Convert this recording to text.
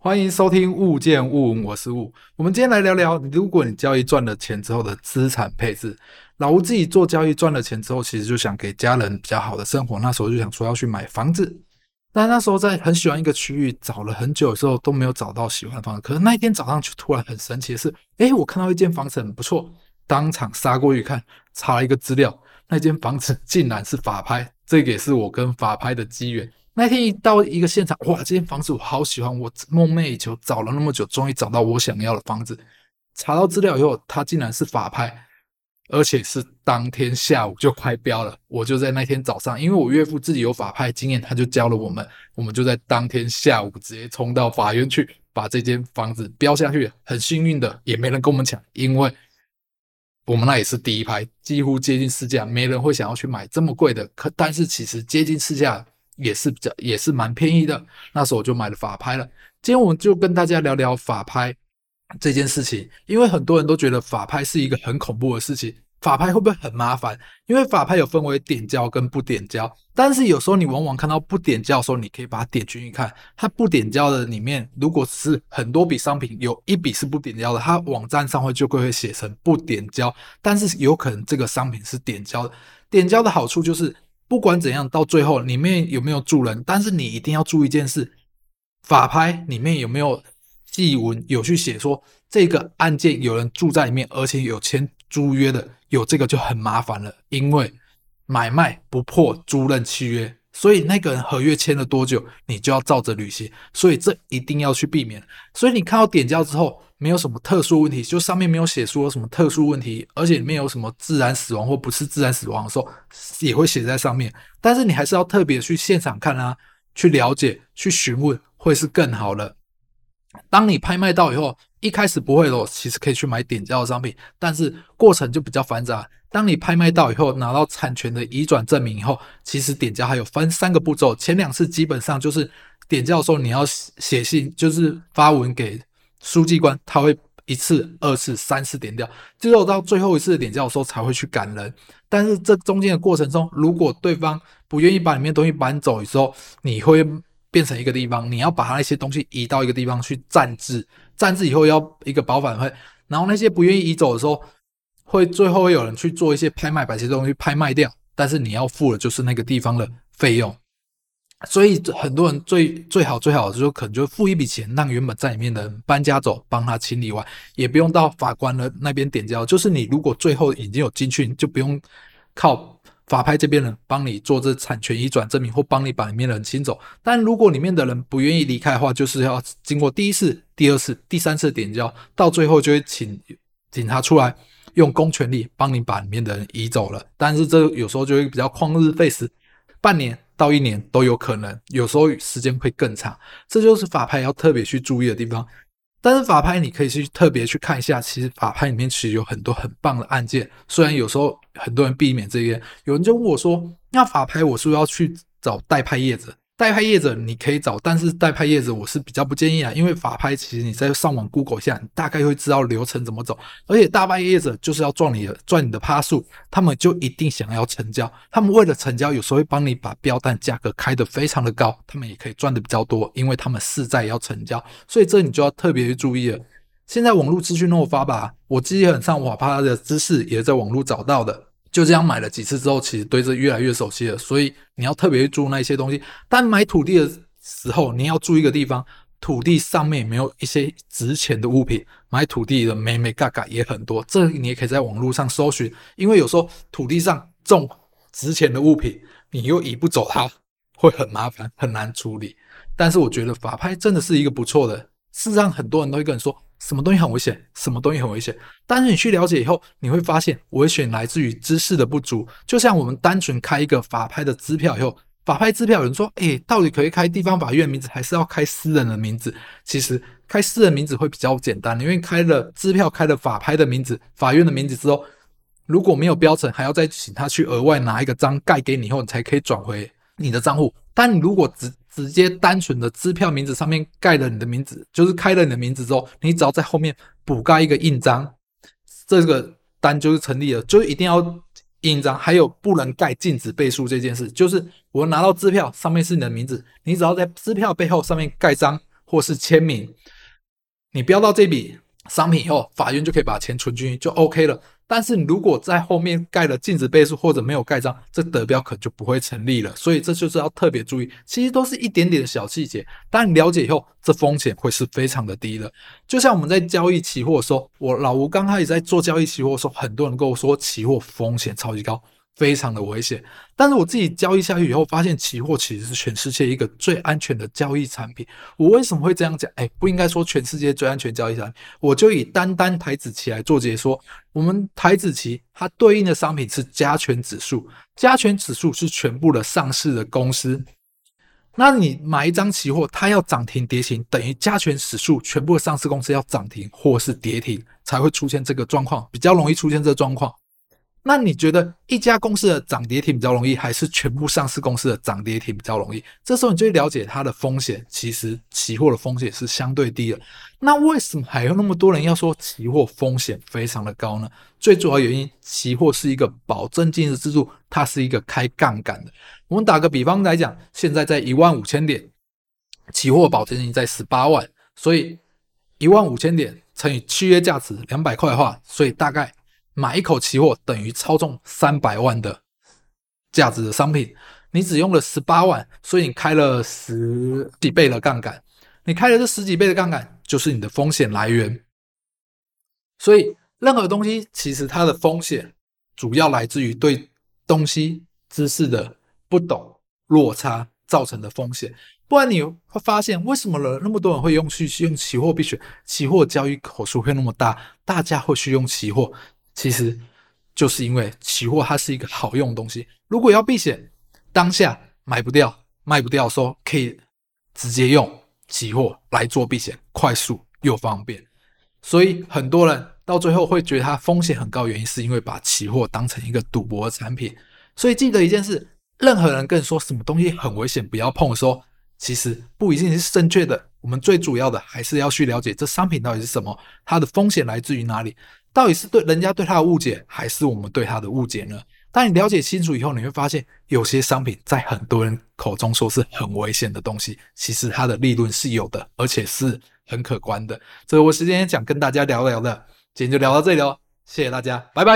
歡迎收聽物見物聞，我是物。我們今天來聊聊，如果你交易賺了錢之後的資產配置。老吳自己做交易賺了錢之後，其實就想給家人比較好的生活。那時候就想說要去買房子，但那時候在很喜歡一個區域找了很久之後都沒有找到喜歡的房子。可是那一天早上就突然很神奇的是，哎，我看到一間房子很不錯，當場殺過去看，查了一個資料，那間房子竟然是法拍，這個也是我跟法拍的機緣。那天一到一個現場，哇！這間房子我好喜歡，我夢寐以求，找了那麼久，終於找到我想要的房子。查到資料以後，它竟然是法拍，而且是當天下午就開標了。我就在那天早上，因為我岳父自己有法拍經驗，他就教了我們，我們就在當天下午直接衝到法院去，把這間房子標下去。很幸運的，也沒人跟我們搶，因為我們那也是第一拍，幾乎接近市價，沒人會想要去買這麼貴的。可但是其實接近市價。也是比較，也是蠻便宜的。那時候我就買了法拍了。今天我們就跟大家聊聊法拍這件事情，因為很多人都覺得法拍是一個很恐怖的事情。法拍會不會很麻煩？因為法拍有分為點交跟不點交，但是有時候你往往看到不點交的時候，你可以把它點進去看。它不點交的裡面，如果是很多筆商品，有一筆是不點交的，它網站上會就會寫成不點交，但是有可能這個商品是點交的。點交的好處就是。不管怎樣，到最後裡面有沒有住人，但是你一定要注意一件事：法拍裡面有沒有記文有去寫說這個案件有人住在裡面，而且有簽租約的，有這個就很麻煩了，因為買賣不破租賃契約。所以那個人合約簽了多久，你就要照着履行。所以這一定要去避免。所以你看到點交之後，沒有什麼特殊問題，就上面沒有寫說什麼特殊問題，而且沒有什麼自然死亡或不是自然死亡的時候，也會寫在上面。但是你還是要特別去現場看啊，去了解、去詢問，會是更好的。當你拍賣到以後，一開始不會的，其實可以去買點交的商品，但是過程就比較繁雜。當你拍賣到以後，拿到產權的移轉證明以後，其實點交還有分三個步驟，前兩次基本上就是點交的時候你要寫信，就是發文給書記官，他會一次、二次、三次點掉，只有到最後一次的點交的時候才會去趕人。但是這中間的過程中，如果對方不願意把裡面東西搬走的時候，你會變成一個地方，你要把他那些東西移到一個地方去暫置，暫置以後要一個保管費，然後那些不願意移走的時候。會最後會有人去做一些拍賣，把這些東西拍賣掉。但是你要付的就是那個地方的費用。所以很多人最最好最好就是可能就付一筆錢，讓原本在裡面的人搬家走，幫他清理完，也不用到法官的那邊點交。就是你如果最後已經有進去，你就不用靠法拍這邊的人幫你做這產權移轉證明或幫你把裡面的人清走。但如果裡面的人不願意離開的話，就是要經過第一次、第二次、第三次的點交，到最後就會請警察出來。用公權力幫你把裡面的人移走了，但是這有時候就會比較曠日費時，半年到一年都有可能，有時候時間會更長，這就是法拍要特別去注意的地方。但是法拍你可以去特別去看一下，其實法拍裡面其實有很多很棒的案件，雖然有時候很多人避免這些，有人就問我說，那法拍我是不是要去找代拍業者？代拍業者你可以找，但是代拍業者我是比較不建議啊，因為法拍其實你在上網 Google 下，你大概會知道流程怎麼走。而且代拍業者就是要賺你的賺你的趴數，他們就一定想要成交。他們為了成交，有時候會幫你把標單價格開得非常的高，他們也可以賺的比較多，因為他們勢在要成交。所以這你就要特別去注意了。現在網絡資訊亂發吧，我自己很上法拍的知識也是在網絡找到的。就這樣買了幾次之後，其實對這越來越熟悉了。所以你要特別注意那些東西。但買土地的時候，你要注意一個地方，土地上面沒有一些值錢的物品。買土地的眉眉角角也很多，這你也可以在網絡上搜尋。因為有時候土地上種值錢的物品，你又移不走它，會很麻煩，很難處理。但是我覺得法拍真的是一個不錯的。事實上很多人都會跟你說。什麼東西很危險，什麼東西很危險。但是你去了解以後，你會發現危險來自於知識的不足。就像我們單純開一個法拍的支票以後，法拍支票有人說，誒、哎，到底可以開地方法院的名字，還是要開私人的名字？其實開私人的名字會比較簡單，因為開了支票，開了法拍的名字、法院的名字之後，如果沒有標成，還要再請他去額外拿一個章蓋給你，以後你才可以轉回你的賬戶。但你如果只直接單純的支票名字上面蓋了你的名字，就是開了你的名字之後，你只要在後面補蓋一個印章，這個單就是成立了，就一定要印章。還有不能蓋禁止背書這件事，就是我拿到支票上面是你的名字，你只要在支票背後上面蓋章或是簽名，你標到這筆商品以後，法院就可以把錢存進去，就 OK 了。但是，你如果在後面蓋了禁止倍數或者沒有蓋章，這得標可就不會成立了。所以，這就是要特別注意。其實都是一點點的小細節，當你了解以後，這風險會是非常的低的。就像我們在交易期貨的時候，我老吳剛開始在做交易期貨的時候，很多人跟我說期貨風險超級高。非常的危險，但是我自己交易下去以後，發現期貨其實是全世界一個最安全的交易產品。我為什麼會這樣講？哎、欸，不應該說全世界最安全交易產品，我就以單單台指期來做解說。我們台指期它對應的商品是加權指數，加權指數是全部的上市的公司。那你買一張期貨，它要漲停跌停，等於加權指數全部的上市公司要漲停或是跌停才會出現這個狀況，比較容易出現這狀況。那你覺得一家公司的漲跌停比較容易，還是全部上市公司的漲跌停比較容易？這時候你就了解它的風險，其實期貨的風險是相對低的。那為什麼還有那麼多人要說期貨風險非常的高呢？最主要原因，期貨是一個保證金的制度，它是一個開槓桿的。我們打個比方來講，現在在一萬五千點，期貨保證金在十八萬，所以一萬五千點乘以契約價值兩百塊的話，所以大概。買一口期貨等於操縱三百萬的價值的商品，你只用了十八萬，所以你開了十幾倍的槓桿。你開了這十幾倍的槓桿，就是你的風險來源。所以任何東西其實它的風險主要來自於對東西知識的不懂落差造成的風險。不然你會發現，為什麼那麼多人會用去用期貨避險？期貨交易口數會那麼大，大家會去用期貨。其實，就是因為期貨它是一個好用的東西。如果要避險，當下買不掉、賣不掉，說可以直接用期貨來做避險，快速又方便。所以很多人到最後會覺得它風險很高，原因是因為把期貨當成一個賭博的產品。所以記得一件事：任何人跟你說什麼東西很危險，不要碰的時候，說其實不一定是正確的。我們最主要的還是要去了解這商品到底是什麼，它的風險來自於哪裡。到底是對人家對他的誤解，還是我們對他的誤解呢？當你了解清楚以後，你會發現，有些商品在很多人口中說是很危險的東西，其實它的利潤是有的，而且是很可觀的。所以我時間也想跟大家聊聊的，今天就聊到這裡哦，謝謝大家，拜拜。